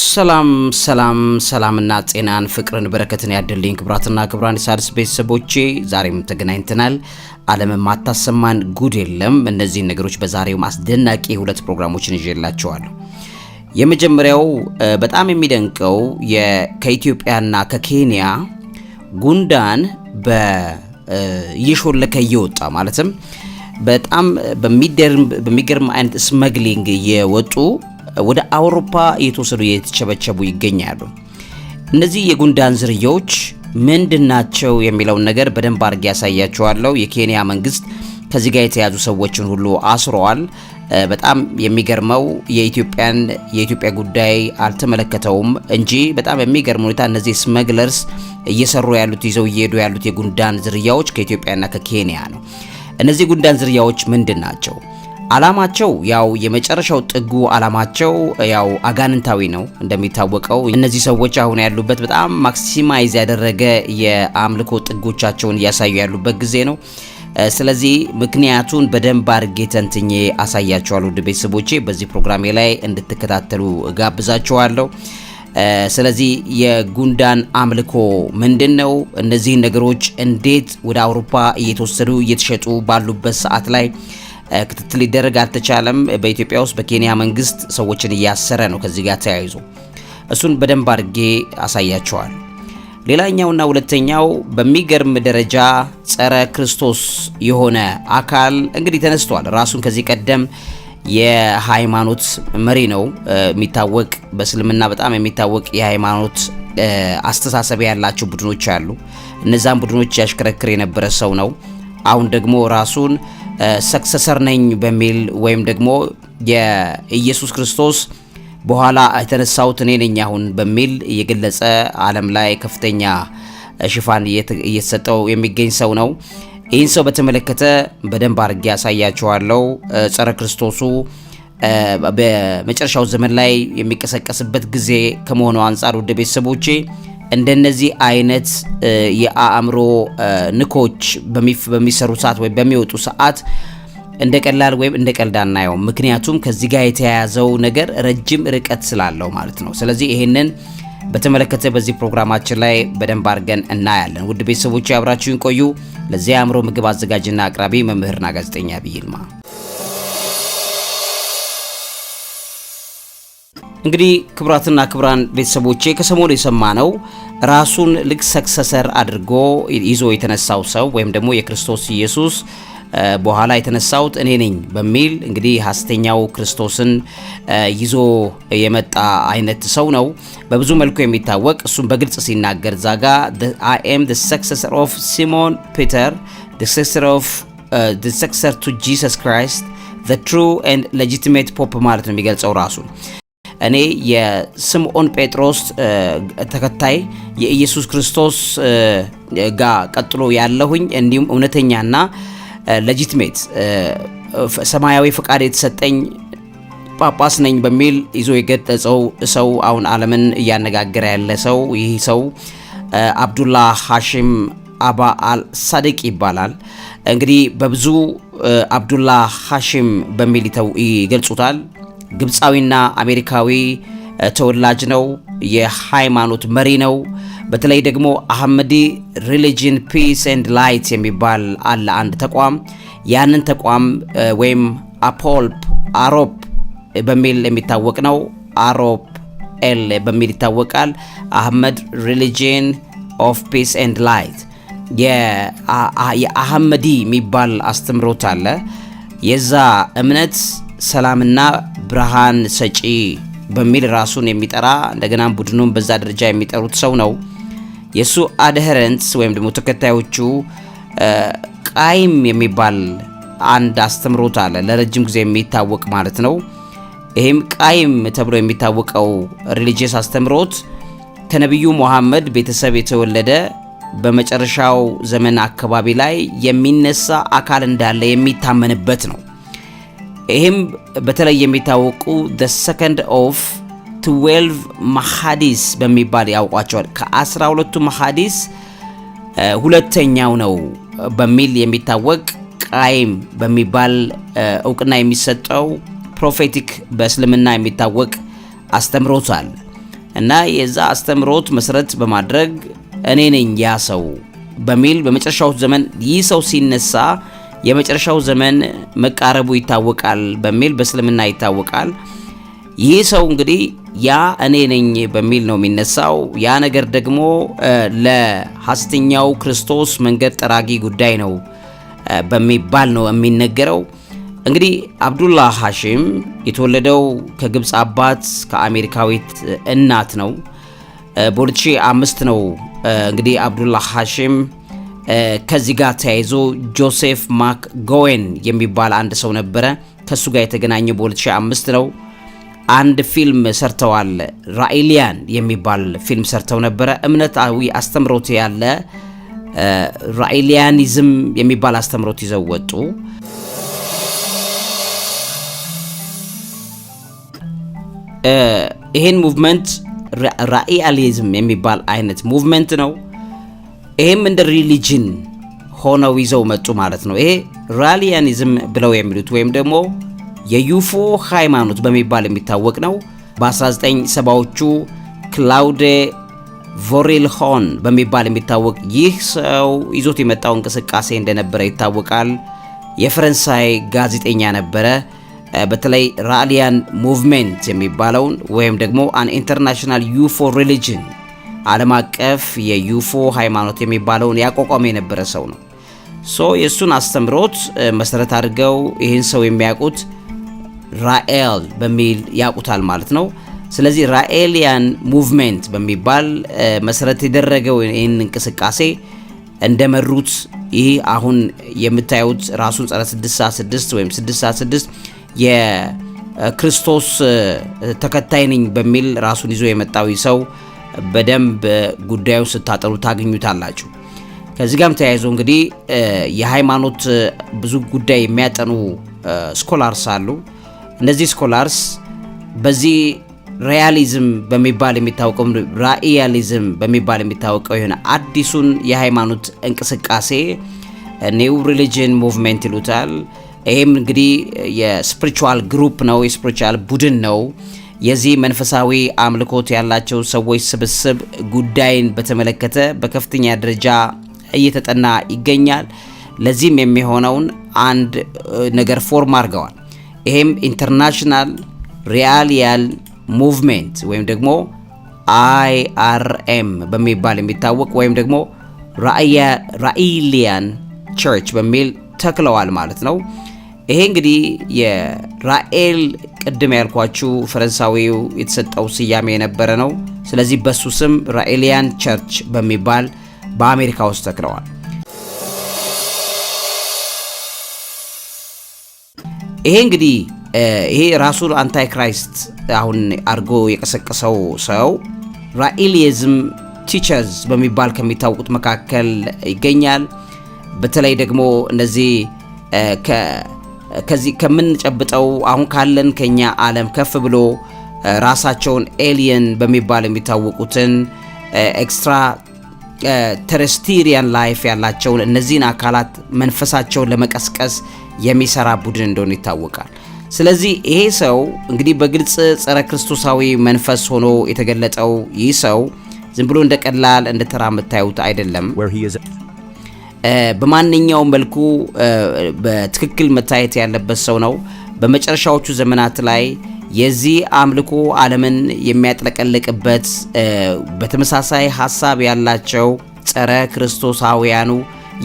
ሰላም ሰላም ሰላምና ጤናን ፍቅርን በረከትን ያደልኝ ክብራትና ክብራን የሣድስ ቤተሰቦቼ ዛሬም ተገናኝተናል። ዓለም ማታሰማን ጉድ የለም። እነዚህን ነገሮች በዛሬውም አስደናቂ ሁለት ፕሮግራሞችን ይዤላቸዋለሁ። የመጀመሪያው በጣም የሚደንቀው ከኢትዮጵያና ከኬንያ ጉንዳን እየሾለከ እየወጣ ማለትም በጣም በሚገርም አይነት ስመግሊንግ እየወጡ ወደ አውሮፓ እየተወሰዱ እየተቸበቸቡ ይገኛሉ። እነዚህ የጉንዳን ዝርያዎች ምንድን ናቸው የሚለውን ነገር በደንብ አድርጌ ያሳያችኋለሁ። የኬንያ መንግስት ከዚህ ጋር የተያዙ ሰዎችን ሁሉ አስረዋል። በጣም የሚገርመው የኢትዮጵያን የኢትዮጵያ ጉዳይ አልተመለከተውም እንጂ በጣም የሚገርም ሁኔታ እነዚህ ስመግለርስ እየሰሩ ያሉት ይዘው እየሄዱ ያሉት የጉንዳን ዝርያዎች ከኢትዮጵያና ከኬንያ ነው። እነዚህ ጉንዳን ዝርያዎች ምንድን ናቸው? አላማቸው ያው የመጨረሻው ጥጉ አላማቸው ያው አጋንንታዊ ነው። እንደሚታወቀው እነዚህ ሰዎች አሁን ያሉበት በጣም ማክሲማይዝ ያደረገ የአምልኮ ጥጎቻቸውን እያሳዩ ያሉበት ጊዜ ነው። ስለዚህ ምክንያቱን በደንብ አድርጌ ተንትኜ አሳያችኋለሁ። ውድ ቤተሰቦቼ በዚህ ፕሮግራሜ ላይ እንድትከታተሉ ጋብዛቸዋለሁ። ስለዚህ የጉንዳን አምልኮ ምንድን ነው? እነዚህን ነገሮች እንዴት ወደ አውሮፓ እየተወሰዱ እየተሸጡ ባሉበት ሰዓት ላይ ክትትል ሊደረግ አልተቻለም። በኢትዮጵያ ውስጥ በኬንያ መንግስት ሰዎችን እያሰረ ነው። ከዚህ ጋር ተያይዞ እሱን በደንብ አድርጌ አሳያቸዋል። ሌላኛውና ሁለተኛው በሚገርም ደረጃ ጸረ ክርስቶስ የሆነ አካል እንግዲህ ተነስቷል። ራሱን ከዚህ ቀደም የሃይማኖት መሪ ነው የሚታወቅ በእስልምና በጣም የሚታወቅ የሃይማኖት አስተሳሰብ ያላቸው ቡድኖች አሉ። እነዛን ቡድኖች ያሽከረክር የነበረ ሰው ነው። አሁን ደግሞ ራሱን ሰክሰሰር ነኝ በሚል ወይም ደግሞ የኢየሱስ ክርስቶስ በኋላ የተነሳሁት እኔ ነኝ አሁን በሚል እየገለጸ ዓለም ላይ ከፍተኛ ሽፋን እየተሰጠው የሚገኝ ሰው ነው። ይህን ሰው በተመለከተ በደንብ አድርጌ ያሳያችኋለሁ። ጸረ ክርስቶሱ በመጨረሻው ዘመን ላይ የሚቀሰቀስበት ጊዜ ከመሆኑ አንጻር ውድ ቤተሰቦቼ እንደነዚህ አይነት የአእምሮ ንኮች በሚሰሩ ሰዓት ወይም በሚወጡ ሰዓት እንደ ቀላል ወይም እንደ ቀልድ አናየው። ምክንያቱም ከዚህ ጋር የተያያዘው ነገር ረጅም ርቀት ስላለው ማለት ነው። ስለዚህ ይሄንን በተመለከተ በዚህ ፕሮግራማችን ላይ በደንብ አድርገን እናያለን። ውድ ቤተሰቦች አብራችሁን ቆዩ። ለዚህ የአእምሮ ምግብ አዘጋጅና አቅራቢ መምህርና ጋዜጠኛ ዐቢይ ይልማ እንግዲህ ክብራትና ክብራን ቤተሰቦቼ ከሰሞኑ ነው። ራሱን ልክ ሰክሰሰር አድርጎ ይዞ የተነሳው ሰው ወይም ደግሞ የክርስቶስ ኢየሱስ በኋላ የተነሳሁት እኔ ነኝ በሚል እንግዲህ ሐሰተኛው ክርስቶስን ይዞ የመጣ አይነት ሰው ነው፣ በብዙ መልኩ የሚታወቅ እሱም በግልጽ ሲናገር ዛጋ አይ ሰክሰሰር ኦፍ ሲሞን ፒተር ሰክሰር ቱ ጂሰስ ክራይስት ትሩ ኤንድ ሌጂቲሜት ፖፕ ማለት ነው የሚገልጸው ራሱን። እኔ የስምዖን ጴጥሮስ ተከታይ የኢየሱስ ክርስቶስ ጋር ቀጥሎ ያለሁኝ እንዲሁም እውነተኛና ለጂትሜት ሰማያዊ ፈቃድ የተሰጠኝ ጳጳስ ነኝ በሚል ይዞ የገጠጸው ሰው አሁን ዓለምን እያነጋገረ ያለ ሰው ይህ ሰው አብዱላ ሐሺም አባ አል ሳድቅ ይባላል። እንግዲህ በብዙ አብዱላ ሐሺም በሚል ይገልጹታል። ግብፃዊና አሜሪካዊ ተወላጅ ነው። የሃይማኖት መሪ ነው። በተለይ ደግሞ አህመዲ ሪሊጅን ፒስ ኤንድ ላይት የሚባል አለ አንድ ተቋም። ያንን ተቋም ወይም አፖልፕ አሮፕ በሚል የሚታወቅ ነው። አሮፕ ኤል በሚል ይታወቃል። አህመድ ሪሊጅን ኦፍ ፒስ ኤንድ ላይት የአህመዲ የሚባል አስተምሮት አለ። የዛ እምነት ሰላምና ብርሃን ሰጪ በሚል ራሱን የሚጠራ እንደገናም ቡድኑን በዛ ደረጃ የሚጠሩት ሰው ነው። የእሱ አድሄረንትስ ወይም ደግሞ ተከታዮቹ ቃይም የሚባል አንድ አስተምሮት አለ፣ ለረጅም ጊዜ የሚታወቅ ማለት ነው። ይህም ቃይም ተብሎ የሚታወቀው ሪሊጂየስ አስተምሮት ከነቢዩ ሙሐመድ ቤተሰብ የተወለደ በመጨረሻው ዘመን አካባቢ ላይ የሚነሳ አካል እንዳለ የሚታመንበት ነው። ይህም በተለይ የሚታወቁ ዘ ሰከንድ ኦፍ ትዌልቭ መሐዲስ በሚባል ያውቋቸዋል። ከአስራ ሁለቱ መሐዲስ ሁለተኛው ነው በሚል የሚታወቅ ቃይም በሚባል እውቅና የሚሰጠው ፕሮፌቲክ በእስልምና የሚታወቅ አስተምሮታል እና የዛ አስተምሮት መሰረት በማድረግ እኔ ነኝ ያ ሰው በሚል በመጨረሻው ዘመን ይህ ሰው ሲነሳ የመጨረሻው ዘመን መቃረቡ ይታወቃል በሚል በእስልምና ይታወቃል። ይህ ሰው እንግዲህ ያ እኔ ነኝ በሚል ነው የሚነሳው። ያ ነገር ደግሞ ለሐሰተኛው ክርስቶስ መንገድ ጠራጊ ጉዳይ ነው በሚባል ነው የሚነገረው። እንግዲህ አብዱላህ ሐሽም የተወለደው ከግብፅ አባት ከአሜሪካዊት እናት ነው። በ2005 ነው እንግዲህ አብዱላህ ሐሽም ከዚህ ጋር ተያይዞ ጆሴፍ ማክ ጎዌን የሚባል አንድ ሰው ነበረ። ከሱ ጋር የተገናኘ በ2005 ነው። አንድ ፊልም ሰርተዋል። ራኢሊያን የሚባል ፊልም ሰርተው ነበረ። እምነታዊ አስተምሮት ያለ ራኢሊያኒዝም የሚባል አስተምሮት ይዘው ወጡ። ይህን ሙቭመንት ራኢሊያኒዝም የሚባል አይነት ሙቭመንት ነው። ይሄም እንደ ሪሊጅን ሆነው ይዘው መጡ ማለት ነው። ይሄ ራሊያኒዝም ብለው የሚሉት ወይም ደግሞ የዩፎ ሃይማኖት በሚባል የሚታወቅ ነው። በ1970ዎቹ ክላውዴ ቮሪልሆን በሚባል የሚታወቅ ይህ ሰው ይዞት የመጣው እንቅስቃሴ እንደነበረ ይታወቃል። የፈረንሳይ ጋዜጠኛ ነበረ። በተለይ ራሊያን ሙቭሜንት የሚባለውን ወይም ደግሞ አን ኢንተርናሽናል ዩፎ ሪሊጅን ዓለም አቀፍ የዩፎ ሃይማኖት የሚባለውን ያቋቋመ የነበረ ሰው ነው። ሶ የእሱን አስተምሮት መሰረት አድርገው ይህን ሰው የሚያውቁት ራኤል በሚል ያውቁታል ማለት ነው። ስለዚህ ራኤልያን ሙቭሜንት በሚባል መሰረት የደረገው ይህን እንቅስቃሴ እንደመሩት ይህ አሁን የምታዩት ራሱን ጸረ 66 ወይም 66 የክርስቶስ ተከታይ ነኝ በሚል ራሱን ይዞ የመጣዊ ሰው በደንብ ጉዳዩ ስታጠሩ ታገኙታላችሁ። ከዚህ ጋርም ተያይዞ እንግዲህ የሃይማኖት ብዙ ጉዳይ የሚያጠኑ ስኮላርስ አሉ። እነዚህ ስኮላርስ በዚህ ሪያሊዝም በሚባል የሚታወቀው ራኢያሊዝም በሚባል የሚታወቀው የሆነ አዲሱን የሃይማኖት እንቅስቃሴ ኒው ሪሊጅን ሙቭመንት ይሉታል። ይህም እንግዲህ የስፕሪቹዋል ግሩፕ ነው፣ የስፕሪቹዋል ቡድን ነው። የዚህ መንፈሳዊ አምልኮት ያላቸው ሰዎች ስብስብ ጉዳይን በተመለከተ በከፍተኛ ደረጃ እየተጠና ይገኛል። ለዚህም የሚሆነውን አንድ ነገር ፎርም አድርገዋል። ይሄም ኢንተርናሽናል ሪያሊያል ሙቭሜንት ወይም ደግሞ አይአርኤም በሚባል የሚታወቅ ወይም ደግሞ ራእይሊያን ቸርች በሚል ተክለዋል ማለት ነው። ይሄ እንግዲህ የራኤል ቅድም ያልኳችሁ ፈረንሳዊው የተሰጠው ስያሜ የነበረ ነው። ስለዚህ በሱ ስም ራኤሊያን ቸርች በሚባል በአሜሪካ ውስጥ ተክለዋል። ይሄ እንግዲህ ይሄ ራሱ አንታይ ክራይስት አሁን አድርጎ የቀሰቀሰው ሰው ራኤሊዝም ቲቸርዝ በሚባል ከሚታወቁት መካከል ይገኛል። በተለይ ደግሞ እነዚህ ከዚህ ከምንጨብጠው አሁን ካለን ከኛ ዓለም ከፍ ብሎ ራሳቸውን ኤሊየን በሚባል የሚታወቁትን ኤክስትራ ተረስቲሪያን ላይፍ ያላቸውን እነዚህን አካላት መንፈሳቸውን ለመቀስቀስ የሚሰራ ቡድን እንደሆነ ይታወቃል። ስለዚህ ይሄ ሰው እንግዲህ በግልጽ ጸረ ክርስቶሳዊ መንፈስ ሆኖ የተገለጠው ይህ ሰው ዝም ብሎ እንደ ቀላል እንደ ተራ የምታዩት አይደለም። በማንኛውም መልኩ በትክክል መታየት ያለበት ሰው ነው። በመጨረሻዎቹ ዘመናት ላይ የዚህ አምልኮ ዓለምን የሚያጥለቀልቅበት በተመሳሳይ ሀሳብ ያላቸው ጸረ ክርስቶሳውያኑ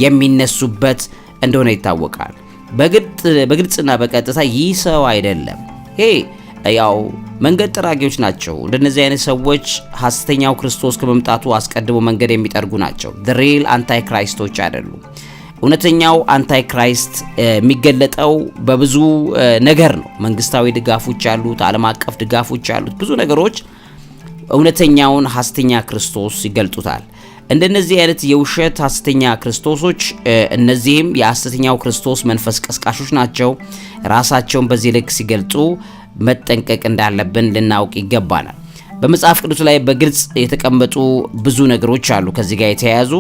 የሚነሱበት እንደሆነ ይታወቃል። በግልጽና በቀጥታ ይህ ሰው አይደለም ይሄ ያው መንገድ ጠራጊዎች ናቸው። እንደነዚህ አይነት ሰዎች ሐሰተኛው ክርስቶስ ከመምጣቱ አስቀድሞ መንገድ የሚጠርጉ ናቸው። ሪል አንታይ ክራይስቶች አይደሉም። እውነተኛው አንታይ ክራይስት የሚገለጠው በብዙ ነገር ነው። መንግስታዊ ድጋፎች አሉት፣ ዓለም አቀፍ ድጋፎች አሉት። ብዙ ነገሮች እውነተኛውን ሐሰተኛ ክርስቶስ ይገልጡታል። እንደነዚህ አይነት የውሸት ሐሰተኛ ክርስቶሶች እነዚህም የሐሰተኛው ክርስቶስ መንፈስ ቀስቃሾች ናቸው። ራሳቸውን በዚህ ልክ ሲገልጡ መጠንቀቅ እንዳለብን ልናውቅ ይገባናል። በመጽሐፍ ቅዱስ ላይ በግልጽ የተቀመጡ ብዙ ነገሮች አሉ ከዚህ ጋር የተያያዙ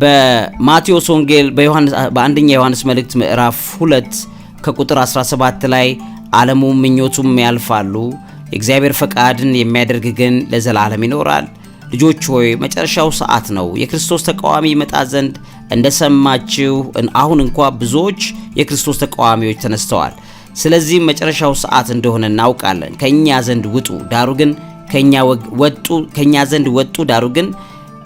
በማቴዎስ ወንጌል በአንደኛ ዮሐንስ መልእክት ምዕራፍ 2 ከቁጥር 17 ላይ ዓለሙ ምኞቱም ያልፋሉ፣ የእግዚአብሔር ፈቃድን የሚያደርግ ግን ለዘላለም ይኖራል። ልጆች ሆይ መጨረሻው ሰዓት ነው። የክርስቶስ ተቃዋሚ ይመጣ ዘንድ እንደሰማችሁ አሁን እንኳ ብዙዎች የክርስቶስ ተቃዋሚዎች ተነስተዋል። ስለዚህም መጨረሻው ሰዓት እንደሆነ እናውቃለን። ከኛ ዘንድ ውጡ ዳሩ ግን ከኛ ወጡ ከኛ ዘንድ ወጡ ዳሩ ግን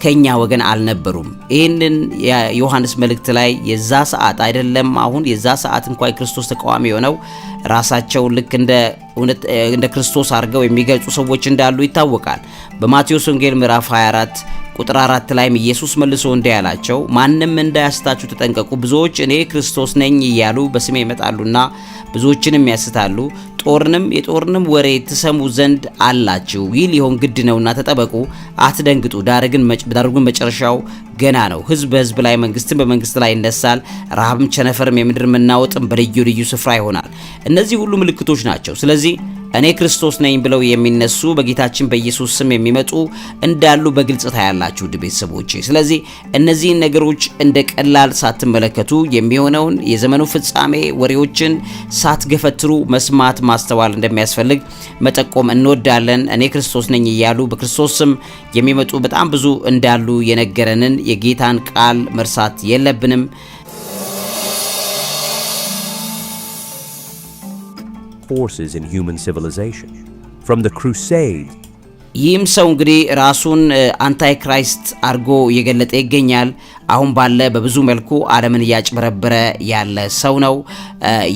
ከኛ ወገን አልነበሩም። ይህንን የዮሐንስ መልእክት ላይ የዛ ሰዓት አይደለም አሁን የዛ ሰዓት እንኳ የክርስቶስ ተቃዋሚ የሆነው ራሳቸው ልክ እንደ እውነት እንደ ክርስቶስ አድርገው የሚገልጹ ሰዎች እንዳሉ ይታወቃል። በማቴዎስ ወንጌል ምዕራፍ 24 ቁጥር 4 ላይም ኢየሱስ መልሶ እንዲህ ያላቸው ማንም እንዳያስታችሁ ተጠንቀቁ፣ ብዙዎች እኔ ክርስቶስ ነኝ እያሉ በስሜ ይመጣሉና ብዙዎችንም ያስታሉ። ጦርንም የጦርንም ወሬ ትሰሙ ዘንድ አላችሁ። ይህ ሊሆን ግድ ነውና ተጠበቁ፣ አትደንግጡ። ዳሩ ግን መጨረሻው ገና ነው። ህዝብ በህዝብ ላይ፣ መንግስትም በመንግስት ላይ ይነሳል። ረሃብም ቸነፈርም የምድር መናወጥም በልዩ ልዩ ስፍራ ይሆናል። እነዚህ ሁሉ ምልክቶች ናቸው። ስለዚህ እኔ ክርስቶስ ነኝ ብለው የሚነሱ በጌታችን በኢየሱስ ስም የሚመጡ እንዳሉ በግልጽ ታያላችሁ ውድ ቤተሰቦቼ። ስለዚህ እነዚህን ነገሮች እንደ ቀላል ሳትመለከቱ የሚሆነውን የዘመኑ ፍጻሜ ወሬዎችን ሳትገፈትሩ መስማት ማስተዋል እንደሚያስፈልግ መጠቆም እንወዳለን። እኔ ክርስቶስ ነኝ እያሉ በክርስቶስ ስም የሚመጡ በጣም ብዙ እንዳሉ የነገረንን የጌታን ቃል መርሳት የለብንም። forces in human civilization from the Crusades, ይህም ሰው እንግዲህ ራሱን አንታይክራይስት አድርጎ እየገለጠ ይገኛል። አሁን ባለ በብዙ መልኩ ዓለምን እያጭበረበረ ያለ ሰው ነው።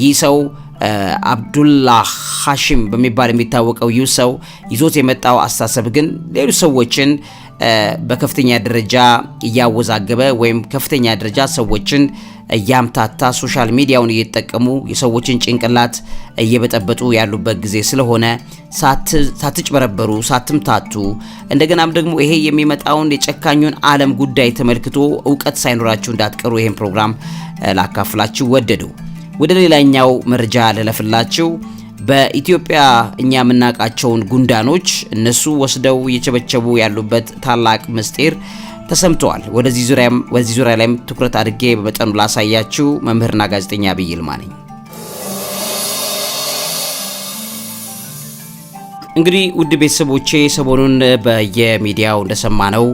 ይህ ሰው አብዱላ ሐሽም በሚባል የሚታወቀው ይህ ሰው ይዞት የመጣው አስተሳሰብ ግን ሌሎች ሰዎችን በከፍተኛ ደረጃ እያወዛገበ ወይም ከፍተኛ ደረጃ ሰዎችን እያምታታ ሶሻል ሚዲያውን እየተጠቀሙ የሰዎችን ጭንቅላት እየበጠበጡ ያሉበት ጊዜ ስለሆነ ሳትጭበረበሩ ሳትምታቱ፣ እንደገናም ደግሞ ይሄ የሚመጣውን የጨካኙን ዓለም ጉዳይ ተመልክቶ እውቀት ሳይኖራችሁ እንዳትቀሩ ይህን ፕሮግራም ላካፍላችሁ ወደደው። ወደ ሌላኛው መረጃ ልለፍላችሁ። በኢትዮጵያ እኛ የምናውቃቸውን ጉንዳኖች እነሱ ወስደው እየቸበቸቡ ያሉበት ታላቅ ምስጢር ተሰምተዋል። ወደዚህ ዙሪያ ላይም ትኩረት አድርጌ በመጠኑ ላሳያችሁ። መምህርና ጋዜጠኛ ዐቢይ ይልማ ነኝ። እንግዲህ ውድ ቤተሰቦቼ ሰሞኑን በየሚዲያው እንደሰማነው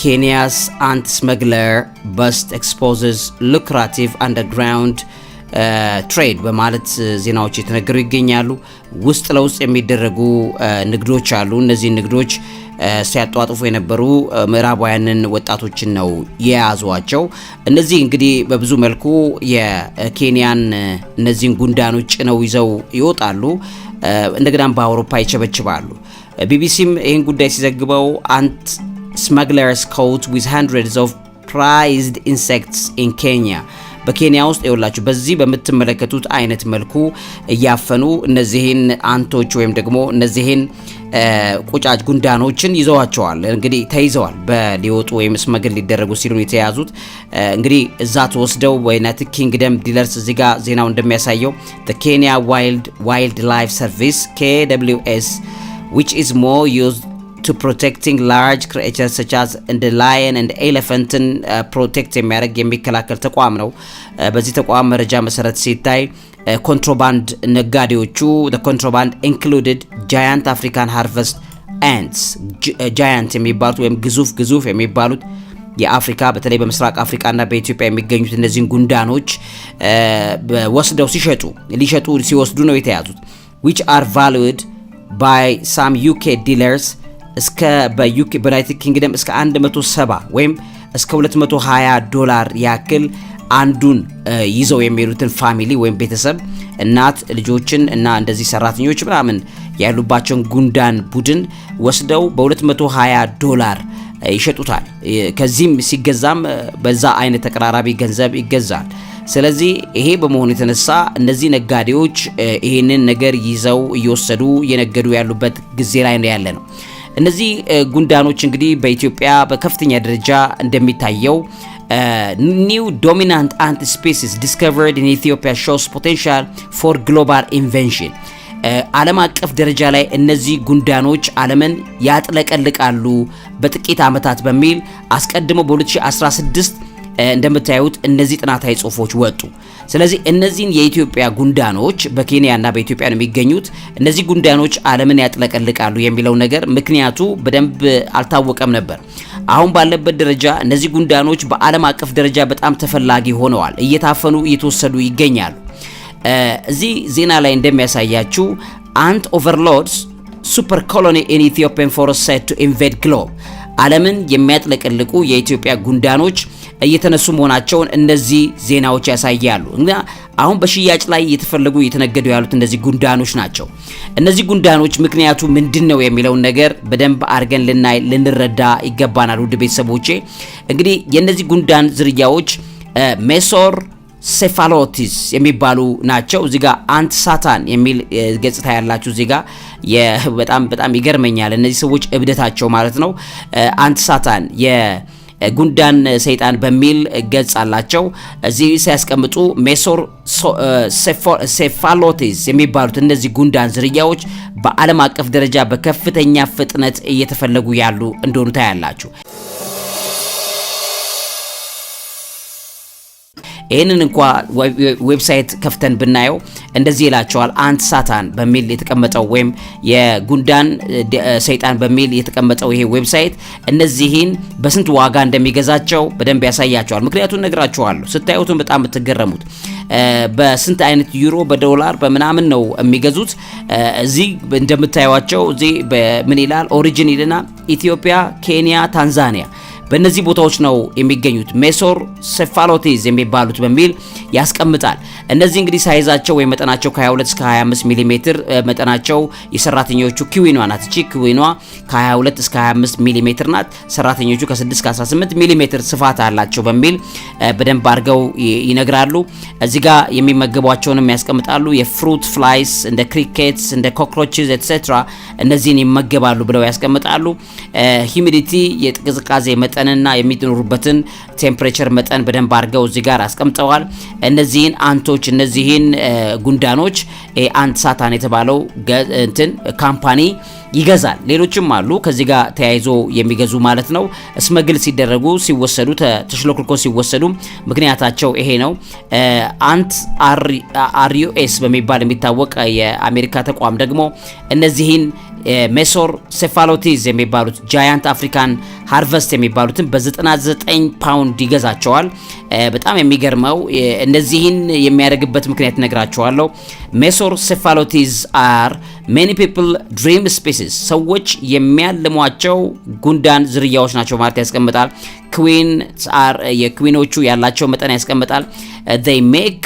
ኬንያስ አንት ስመግለር በስት ኤክስፖዝስ ሉክራቲቭ አንደርግራውንድ ትሬድ በማለት ዜናዎች የተነገሩ ይገኛሉ። ውስጥ ለውስጥ የሚደረጉ ንግዶች አሉ። እነዚህ ንግዶች ሲያጧጥፉ የነበሩ ምዕራባውያንን ወጣቶችን ነው የያዟቸው። እነዚህ እንግዲህ በብዙ መልኩ የኬንያን እነዚህን ጉንዳኖች ጭነው ይዘው ይወጣሉ። እንደገናም በአውሮፓ ይቸበችባሉ። ቢቢሲም ይህን ጉዳይ ሲዘግበው አንት ስመግለርስ ኮት ዊዝ ሃንድሬድስ ኦፍ ፕራይዝድ ኢንሴክትስ ኢን ኬንያ በኬንያ ውስጥ ይኸውላችሁ በዚህ በምትመለከቱት አይነት መልኩ እያፈኑ እነዚህን አንቶች ወይም ደግሞ እነዚህን ቁጫጭ ጉንዳኖችን ይዘዋቸዋል። እንግዲህ ተይዘዋል። በሊወጡ ወይም ስመግል ሊደረጉ ሲሉ የተያዙት እንግዲህ እዛ ተወስደው ዩናይትድ ኪንግደም ዲለርስ እዚህ ጋር ዜናው እንደሚያሳየው ኬንያ ዋይልድ ላይፍ ሰርቪስ ኬ ደብሊው ኤስ ዊች ኢዝ ሞር to protecting large creatures such as the lion and elephantን ፕሮቴክት uh, የሚያደርግ የሚከላከል ተቋም ነው። uh, በዚህ ተቋም መረጃ መሰረት ሲታይ uh, ኮንትሮባንድ ነጋዴዎቹ the contraband included giant African harvest ants giant የሚባሉት ወይም ግዙፍ ግዙፍ የሚባሉት የአፍሪካ በተለይ በምስራቅ አፍሪካና በኢትዮጵያ የሚገኙት እነዚህን ጉንዳኖች ወስደው ሲሸጡ ሊሸጡ ሲወስዱ ነው የተያዙት which are valued by some UK dealers እስከ በዩኬ በዩናይትድ ኪንግደም እስከ 170 ወይም እስከ 220 ዶላር ያክል አንዱን ይዘው የሚሄዱትን ፋሚሊ ወይም ቤተሰብ እናት ልጆችን እና እንደዚህ ሰራተኞች ምናምን ያሉባቸውን ጉንዳን ቡድን ወስደው በ220 ዶላር ይሸጡታል። ከዚህም ሲገዛም በዛ አይነት ተቀራራቢ ገንዘብ ይገዛል። ስለዚህ ይሄ በመሆኑ የተነሳ እነዚህ ነጋዴዎች ይህንን ነገር ይዘው እየወሰዱ እየነገዱ ያሉበት ጊዜ ላይ ነው ያለ ነው። እነዚህ ጉንዳኖች እንግዲህ በኢትዮጵያ በከፍተኛ ደረጃ እንደሚታየው ኒው ዶሚናንት አንት ስፔሲስ ዲስከቨርድ ኢን ኢትዮጵያ ሾስ ፖቴንሻል ፎር ግሎባል ኢንቨንሽን ዓለም አቀፍ ደረጃ ላይ እነዚህ ጉንዳኖች ዓለምን ያጥለቀልቃሉ በጥቂት ዓመታት በሚል አስቀድሞ በ2016 እንደምታዩት እነዚህ ጥናታዊ ጽሁፎች ወጡ። ስለዚህ እነዚህን የኢትዮጵያ ጉንዳኖች በኬንያና በኢትዮጵያ ነው የሚገኙት። እነዚህ ጉንዳኖች ዓለምን ያጥለቀልቃሉ የሚለው ነገር ምክንያቱ በደንብ አልታወቀም ነበር። አሁን ባለበት ደረጃ እነዚህ ጉንዳኖች በዓለም አቀፍ ደረጃ በጣም ተፈላጊ ሆነዋል። እየታፈኑ እየተወሰዱ ይገኛሉ። እዚህ ዜና ላይ እንደሚያሳያችሁ አንት ኦቨርሎድስ ሱፐር ኮሎኒ ኢን ኢትዮጵያን ፎረስት ሳይት ቱ ኢንቬድ ግሎብ ዓለምን የሚያጥለቀልቁ የኢትዮጵያ ጉንዳኖች እየተነሱ መሆናቸውን እነዚህ ዜናዎች ያሳያሉ። እና አሁን በሽያጭ ላይ እየተፈለጉ እየተነገዱ ያሉት እነዚህ ጉንዳኖች ናቸው። እነዚህ ጉንዳኖች ምክንያቱ ምንድን ነው የሚለውን ነገር በደንብ አድርገን ልናይ ልንረዳ ይገባናል። ውድ ቤተሰቦቼ እንግዲህ የእነዚህ ጉንዳን ዝርያዎች ሜሶር ሴፋሎቲስ የሚባሉ ናቸው። እዚጋ አንት ሳታን የሚል ገጽታ ያላችሁ እዚጋ በጣም በጣም ይገርመኛል። እነዚህ ሰዎች እብደታቸው ማለት ነው። አንት ሳታን ጉንዳን ሰይጣን በሚል ገጽ አላቸው። እዚህ ሲያስቀምጡ ሜሶር ሴፋሎቴስ የሚባሉት እነዚህ ጉንዳን ዝርያዎች በዓለም አቀፍ ደረጃ በከፍተኛ ፍጥነት እየተፈለጉ ያሉ እንደሆኑ ታያላችሁ። ይህንን እንኳ ዌብሳይት ከፍተን ብናየው እንደዚህ ይላቸዋል። አንት ሳታን በሚል የተቀመጠው ወይም የጉንዳን ሰይጣን በሚል የተቀመጠው ይሄ ዌብሳይት እነዚህን በስንት ዋጋ እንደሚገዛቸው በደንብ ያሳያቸዋል። ምክንያቱም ነግራቸዋለሁ፣ ስታዩትን በጣም የምትገረሙት በስንት አይነት ዩሮ በዶላር በምናምን ነው የሚገዙት። እዚህ እንደምታዩቸው እዚህ ምን ይላል ኦሪጂን ይልና ኢትዮጵያ፣ ኬንያ፣ ታንዛኒያ በእነዚህ ቦታዎች ነው የሚገኙት። ሜሶር ሴፋሎቲዝ የሚባሉት በሚል ያስቀምጣል። እነዚህ እንግዲህ ሳይዛቸው ወይም መጠናቸው ከ22 እስከ 25 ሚሊ ሜትር መጠናቸው የሰራተኞቹ ኪዊኗ ናት። እቺ ኪዊኗ ከ22 እስከ 25 ሚሊ ሜትር ናት። ሰራተኞቹ ከ6 እስከ 18 ሚሊ ሜትር ስፋት አላቸው በሚል በደንብ አድርገው ይነግራሉ። እዚህ ጋር የሚመገቧቸውንም ያስቀምጣሉ። የፍሩት ፍላይስ እንደ ክሪኬትስ፣ እንደ ኮክሮችስ ኤትሴትራ እነዚህን ይመገባሉ ብለው ያስቀምጣሉ። ሂሚዲቲ የቅዝቃዜ መ። መጠንና የሚኖሩበትን ቴምፕሬቸር መጠን በደንብ አድርገው እዚህ ጋር አስቀምጠዋል። እነዚህን አንቶች እነዚህን ጉንዳኖች አንት ሳታን የተባለው እንትን ካምፓኒ ይገዛል። ሌሎችም አሉ ከዚህ ጋር ተያይዞ የሚገዙ ማለት ነው። እስመግል ሲደረጉ ሲወሰዱ፣ ተሽለክልኮ ሲወሰዱ ምክንያታቸው ይሄ ነው። አንት አርዩኤስ በሚባል የሚታወቅ የአሜሪካ ተቋም ደግሞ እነዚህን ሜሶር ሴፋሎቲዝ የሚባሉት ጃያንት አፍሪካን ሃርቨስት የሚባሉትን በ99 ፓውንድ ይገዛቸዋል። በጣም የሚገርመው እነዚህን የሚያደርግበት ምክንያት ነግራቸዋለሁ። ሜሶር ሴፋሎቲዝ አር ሜኒ ፒፕል ድሪም ስፔሲስ ሰዎች የሚያልሟቸው ጉንዳን ዝርያዎች ናቸው ማለት ያስቀምጣል። ክዊን አር የክዊኖቹ ያላቸው መጠን ያስቀምጣል። ሜክ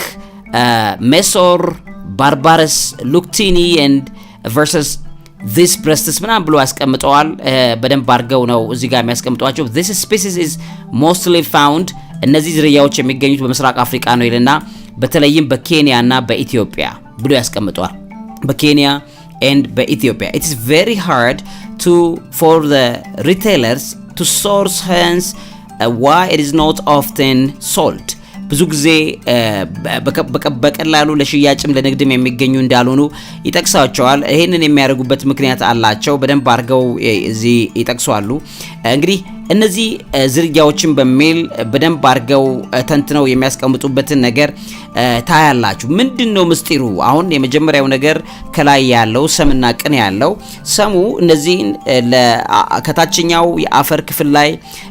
ሜሶር ባርባረስ ሉክቲኒ ኤንድ ቨርሰስ ዚስ ብረስትስ ምናምን ብሎ ያስቀምጠዋል። በደንብ አድርገው ነው እዚህ ጋር የሚያስቀምጧቸው። ዚስ ስፔሲስ ኢዝ ሞስትሊ ፋውንድ እነዚህ ዝርያዎች የሚገኙት በምስራቅ አፍሪካ ነው ይልና በተለይም በኬንያ እና በኢትዮጵያ ብሎ ያስቀምጠዋል። በኬንያ ኤንድ በኢትዮጵያ ኢትስ ቬሪ ሃርድ ቱ ፎር ዘ ሪቴለርስ ቱ ሶርስ ሄንስ ዋይ ኢት ኢዝ ኖት ኦፍትን ሶልድ ብዙ ጊዜ በቀላሉ ለሽያጭም ለንግድም የሚገኙ እንዳልሆኑ ይጠቅሳቸዋል። ይህንን የሚያደርጉበት ምክንያት አላቸው። በደንብ አድርገው እዚህ ይጠቅሷሉ። እንግዲህ እነዚህ ዝርያዎችን በሚል በደንብ አድርገው ተንትነው የሚያስቀምጡበትን ነገር ታያላችሁ። ምንድን ነው ምስጢሩ? አሁን የመጀመሪያው ነገር ከላይ ያለው ሰምና ቅን ያለው ሰሙ እነዚህን ከታችኛው የአፈር ክፍል ላይ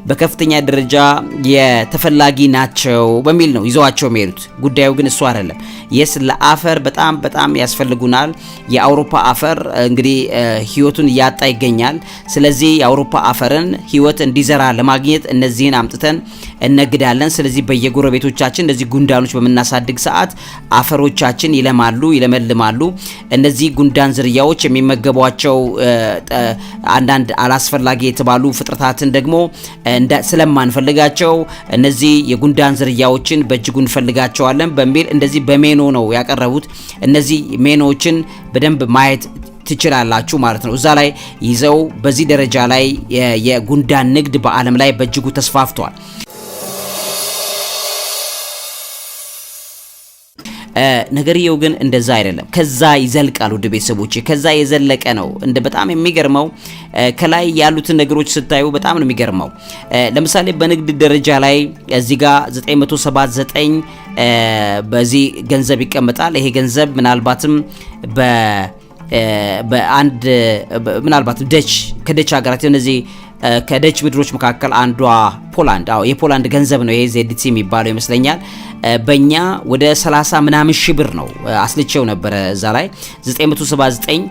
በከፍተኛ ደረጃ የተፈላጊ ናቸው በሚል ነው ይዘዋቸው የሚሄዱት። ጉዳዩ ግን እሱ አይደለም። የስ ለአፈር በጣም በጣም ያስፈልጉናል። የአውሮፓ አፈር እንግዲህ ህይወቱን እያጣ ይገኛል። ስለዚህ የአውሮፓ አፈርን ህይወት እንዲዘራ ለማግኘት እነዚህን አምጥተን እነግዳለን። ስለዚህ በየጎረቤቶቻችን እንደዚህ ጉንዳኖች በምናሳድግ ሰዓት አፈሮቻችን ይለማሉ፣ ይለመልማሉ። እነዚህ ጉንዳን ዝርያዎች የሚመገቧቸው አንዳንድ አላስፈላጊ የተባሉ ፍጥረታትን ደግሞ ስለማንፈልጋቸው እነዚህ የጉንዳን ዝርያዎችን በእጅጉ እንፈልጋቸዋለን በሚል እንደዚህ በሜኖ ነው ያቀረቡት። እነዚህ ሜኖዎችን በደንብ ማየት ትችላላችሁ ማለት ነው። እዛ ላይ ይዘው በዚህ ደረጃ ላይ የጉንዳን ንግድ በዓለም ላይ በእጅጉ ተስፋፍቷል። ነገርየው ግን እንደዛ አይደለም። ከዛ ይዘልቃል። ውድ ቤተሰቦች ከዛ የዘለቀ ነው። እንደ በጣም የሚገርመው ከላይ ያሉትን ነገሮች ስታዩ በጣም ነው የሚገርመው። ለምሳሌ በንግድ ደረጃ ላይ እዚህ ጋር 979 በዚህ ገንዘብ ይቀመጣል። ይሄ ገንዘብ ምናልባትም በ በአንድ ምናልባት ደች ከደች ሀገራት እነዚህ ከደች ምድሮች መካከል አንዷ ፖላንድ አዎ የፖላንድ ገንዘብ ነው ይሄ ዜድቲ የሚባለው ይመስለኛል። በእኛ ወደ 30 ምናምን ሺህ ብር ነው አስልቼው ነበረ እዛ ላይ 979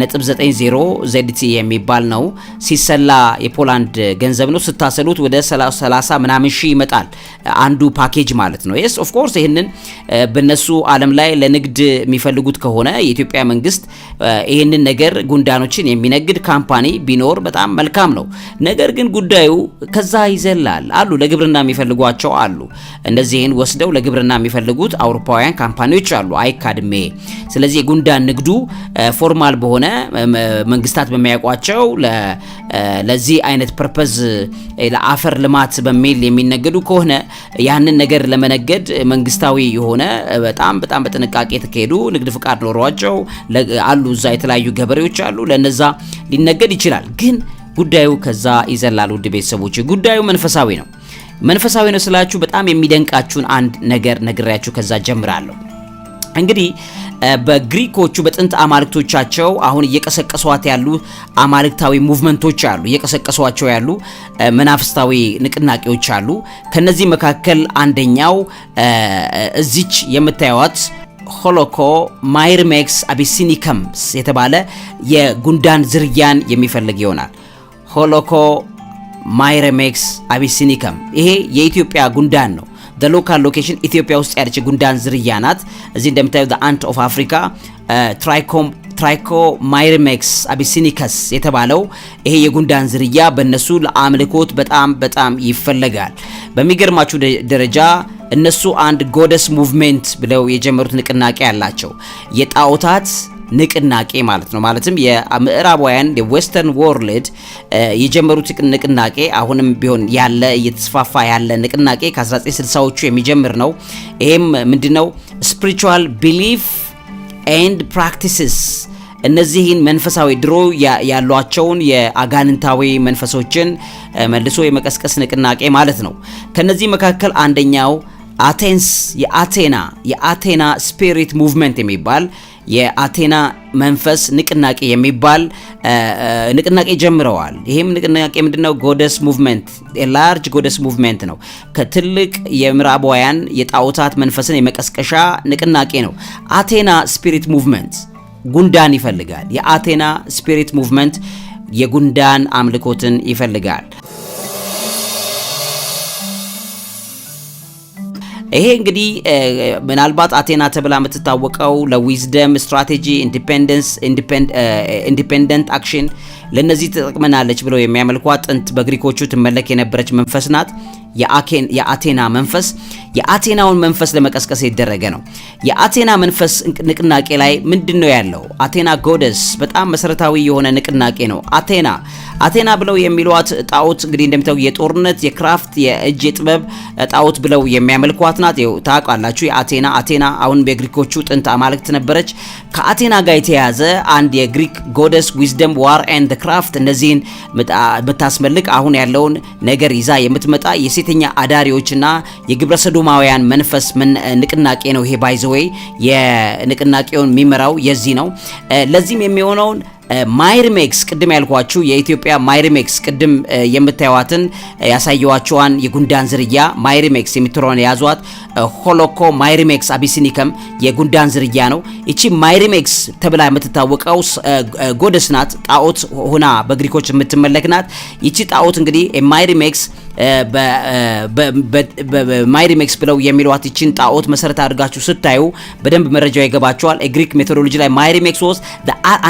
ነጥብ 90 ዜድቲ የሚባል ነው። ሲሰላ የፖላንድ ገንዘብ ነው። ስታሰሉት ወደ 30 ምናምን ሺህ ይመጣል አንዱ ፓኬጅ ማለት ነው። የስ ኦፍ ኮርስ ይህንን በነሱ ዓለም ላይ ለንግድ የሚፈልጉት ከሆነ የኢትዮጵያ መንግስት ይህንን ነገር ጉንዳኖችን የሚነግድ ካምፓኒ ቢኖር በጣም መልካም ነው። ነገር ግን ጉዳዩ ከዛ ይዘላል። አሉ ለግብርና የሚፈልጓቸው አሉ። እነዚህን ወስደው ለግብርና የሚፈልጉት አውሮፓውያን ካምፓኒዎች አሉ። አይካድሜ ስለዚህ የጉንዳን ንግዱ ፎርማል በሆነ መንግስታት በሚያውቋቸው ለዚህ አይነት ፐርፐዝ ለአፈር ልማት በሚል የሚነገዱ ከሆነ ያንን ነገር ለመነገድ መንግስታዊ የሆነ በጣም በጣም በጥንቃቄ የተካሄዱ ንግድ ፍቃድ ኖሯቸው አሉ። እዛ የተለያዩ ገበሬዎች አሉ። ለነዛ ሊነገድ ይችላል። ግን ጉዳዩ ከዛ ይዘላል። ውድ ቤተሰቦች ጉዳዩ መንፈሳዊ ነው። መንፈሳዊ ነው ስላችሁ በጣም የሚደንቃችሁን አንድ ነገር ነግሬያችሁ ከዛ ጀምራለሁ። እንግዲህ በግሪኮቹ በጥንት አማልክቶቻቸው አሁን እየቀሰቀሷት ያሉ አማልክታዊ ሙቭመንቶች አሉ፣ እየቀሰቀሷቸው ያሉ መናፍስታዊ ንቅናቄዎች አሉ። ከነዚህ መካከል አንደኛው እዚች የምታዩት ሆሎኮ ማይርሜክስ አቢሲኒከምስ የተባለ የጉንዳን ዝርያን የሚፈልግ ይሆናል። ሆሎኮ ማይረሜክስ አቢሲኒከም ይሄ የኢትዮጵያ ጉንዳን ነው። ሎካል ሎኬሽን ኢትዮጵያ ውስጥ ያለች ጉንዳን ዝርያ ናት። እዚህ እንደምታዩት አንት ኦፍ አፍሪካ ትራይኮም ትራይኮማይርሜክስ አቢሲኒከስ የተባለው ይሄ የጉንዳን ዝርያ በእነሱ ለአምልኮት በጣም በጣም ይፈለጋል። በሚገርማችሁ ደረጃ እነሱ አንድ ጎደስ ሙቭሜንት ብለው የጀመሩት ንቅናቄ አላቸው የጣዖታት ንቅናቄ ማለት ነው። ማለትም የምዕራባውያን የዌስተርን ወርልድ የጀመሩት ንቅናቄ አሁንም ቢሆን ያለ እየተስፋፋ ያለ ንቅናቄ ከ1960ዎቹ የሚጀምር ነው። ይህም ምንድነው? ስፒሪቹዋል ቢሊፍ ኤንድ ፕራክቲስስ እነዚህን መንፈሳዊ ድሮ ያሏቸውን የአጋንንታዊ መንፈሶችን መልሶ የመቀስቀስ ንቅናቄ ማለት ነው። ከነዚህ መካከል አንደኛው አቴንስ የአቴና የአቴና ስፒሪት ሙቭመንት የሚባል የአቴና መንፈስ ንቅናቄ የሚባል ንቅናቄ ጀምረዋል። ይህም ንቅናቄ ምንድነው? ጎደስ ሙቭመንት ላርጅ ጎደስ ሙቭመንት ነው። ከትልቅ የምዕራባውያን የጣዖታት መንፈስን የመቀስቀሻ ንቅናቄ ነው። አቴና ስፒሪት ሙቭመንት ጉንዳን ይፈልጋል። የአቴና ስፒሪት ሙቭመንት የጉንዳን አምልኮትን ይፈልጋል። ይሄ እንግዲህ ምናልባት አቴና ተብላ የምትታወቀው ለዊዝደም ስትራቴጂ ኢንዲፔንደንስ ኢንዲፔንደንት አክሽን ለነዚህ ትጠቅመናለች ብለው የሚያመልኳ ጥንት በግሪኮቹ ትመለክ የነበረች መንፈስ ናት። የአቴና መንፈስ የአቴናውን መንፈስ ለመቀስቀስ የደረገ ነው። የአቴና መንፈስ ንቅናቄ ላይ ምንድን ነው ያለው? አቴና ጎደስ በጣም መሰረታዊ የሆነ ንቅናቄ ነው። አቴና አቴና ብለው የሚሏት ጣዖት እንግዲህ እንደምታውቁ የጦርነት የክራፍት፣ የእጅ የጥበብ ጣዖት ብለው የሚያመልኳት ናት። ታውቃላችሁ፣ የአቴና አቴና አሁን በግሪኮቹ ጥንት አማልክት ነበረች። ከአቴና ጋር የተያያዘ አንድ የግሪክ ጎደስ ዊዝደም ዋር ኤንድ ክራፍት እነዚህን ብታስመልክ አሁን ያለውን ነገር ይዛ የምትመጣ የሴተኛ አዳሪዎችና የግብረ ሰዶማውያን መንፈስ ንቅናቄ ነው። ይሄ ባይዘወይ የንቅናቄውን የሚመራው የዚህ ነው። ለዚህም የሚሆነውን ማይርሜክስ ቅድም ያልኳችሁ የኢትዮጵያ ማይርሜክስ ቅድም የምታዩዋትን ያሳየዋችኋን የጉንዳን ዝርያ ማይርሜክስ የምትለውን የያዟት ሆሎኮ ማይርሜክስ አቢሲኒከም የጉንዳን ዝርያ ነው። ይቺ ማይርሜክስ ተብላ የምትታወቀው ጎደስ ናት፣ ጣዖት ሆና በግሪኮች የምትመለክናት ይቺ ጣዖት እንግዲህ ማይርሜክስ ማይሪሜክስ ብለው የሚሏት ይችን ጣዖት መሰረት አድርጋችሁ ስታዩ በደንብ መረጃው ይገባችኋል። ግሪክ ሜቶዶሎጂ ላይ ማይሪሜክስ ወስ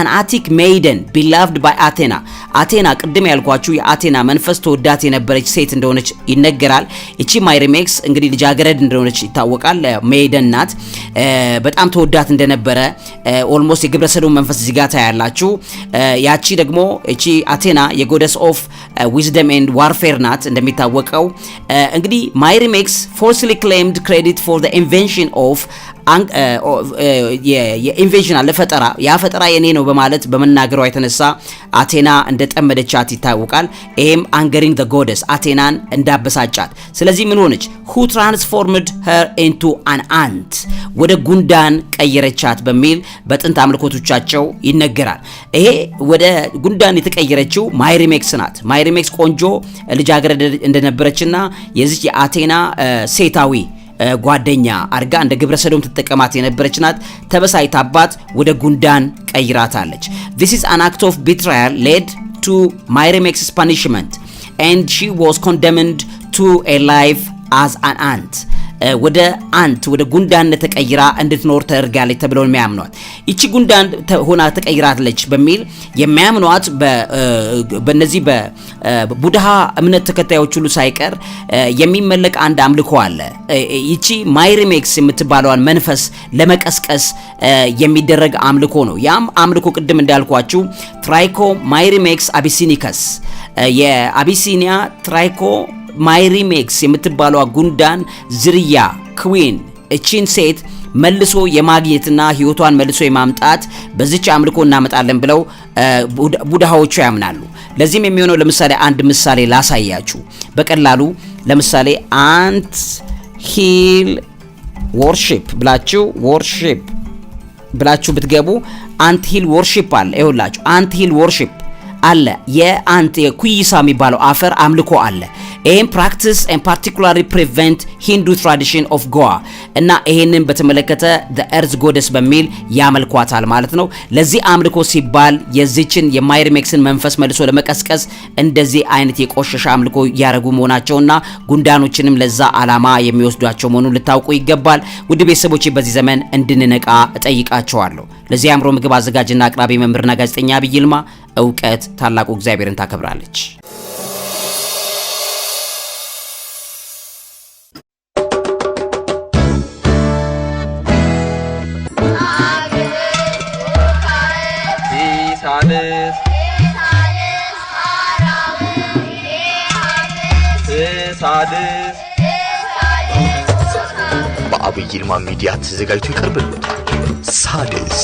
አንአቲክ ሜይደን ቢላቭድ ባይ አቴና አቴና ቅድም ያልኳችሁ የአቴና መንፈስ ተወዳት የነበረች ሴት እንደሆነች ይነገራል። ይቺ ማይሪሜክስ እንግዲህ ልጃገረድ እንደሆነች ይታወቃል። ሜይደን ናት። በጣም ተወዳት እንደነበረ ኦልሞስት የግብረ ሰዶም መንፈስ እዚህ ያላችሁ ታያላችሁ። ያቺ ደግሞ ይቺ አቴና የጎደስ ኦፍ ዊዝደም ኤንድ ዋርፌር ናት እንደሚ የሚታወቀው እንግዲህ ማይሪሜክስ ፎርስሊ ክሌምድ ክሬዲት ፎር ኢንቨንሽን ኦፍ የኢንቬንሽን አለ ፈጠራ፣ ያ ፈጠራ የኔ ነው በማለት በመናገሯ የተነሳ አቴና እንደጠመደቻት ይታወቃል። ይሄም አንገሪንግ ዘ ጎደስ አቴናን እንዳበሳጫት። ስለዚህ ምን ሆነች? ሁ ትራንስፎርምድ ሄር ኢንቱ አን አንት ወደ ጉንዳን ቀየረቻት በሚል በጥንት አምልኮቶቻቸው ይነገራል። ይሄ ወደ ጉንዳን የተቀየረችው ማይሪሜክስ ናት። ማይሪሜክስ ቆንጆ ልጃገረድ እንደነበረችና የዚች የአቴና ሴታዊ ጓደኛ አድርጋ እንደ ግብረ ሰዶም ትጠቀማት የነበረች ናት። ተበሳይታባት ወደ ጉንዳን ቀይራታለች። ዚስ ኢዝ አን አክት ኦፍ ቢትራያል ሌድ ቱ ማይሬሜክስ punishment and she was condemned to a life as an አንት ወደ አንት ወደ ጉንዳን ተቀይራ እንድትኖር ተደርጋለች ተብሎ የሚያምኗት ይቺ ጉንዳን ሆና ተቀይራለች በሚል የሚያምኗት በነዚህ በቡድሃ እምነት ተከታዮች ሁሉ ሳይቀር የሚመለክ አንድ አምልኮ አለ። ይቺ ማይሪሜክስ የምትባለዋን መንፈስ ለመቀስቀስ የሚደረግ አምልኮ ነው። ያም አምልኮ ቅድም እንዳልኳችሁ ትራይኮ ማይሪሜክስ አቢሲኒከስ የአቢሲኒያ ትራይኮ ማይሪሜክስ የምትባለዋ ጉንዳን ዝርያ ክዊን እቺን ሴት መልሶ የማግኘትና ህይወቷን መልሶ የማምጣት በዚች አምልኮ እናመጣለን ብለው ቡድሃዎቹ ያምናሉ። ለዚህም የሚሆነው ለምሳሌ አንድ ምሳሌ ላሳያችሁ በቀላሉ ለምሳሌ አንት ሂል ወርሺፕ ብላችሁ ወርሺፕ ብላችሁ ብትገቡ አንት ሂል ወርሺፕ አለ። ይኸውላችሁ አንት ሂል ወርሺፕ አለ የአንት የኩይሳ የሚባለው አፈር አምልኮ አለ። ይህም ፕራክቲስ ኤንድ ፓርቲኩላሪ ፕሪቨንት ሂንዱ ትራዲሽን ኦፍ ጎዋ እና ይሄንን በተመለከተ ኤርዝ ጎደስ በሚል ያመልኳታል ማለት ነው። ለዚህ አምልኮ ሲባል የዚችን የማይርሜክስን መንፈስ መልሶ ለመቀስቀስ እንደዚህ አይነት የቆሸሸ አምልኮ እያደረጉ መሆናቸውና ጉንዳኖችንም ለዛ አላማ የሚወስዷቸው መሆኑን ልታውቁ ይገባል። ውድ ቤተሰቦች በዚህ ዘመን እንድንነቃ እጠይቃቸዋለሁ። ለዚህ አእምሮ ምግብ አዘጋጅና አቅራቢ መምህርና ጋዜጠኛ አብይ ይልማ እውቀት ታላቁ እግዚአብሔርን ታከብራለች። ሳድስ በአብይ ይልማ ሚዲያ ተዘጋጅቶ ይቀርብልዎታል። ሳድስ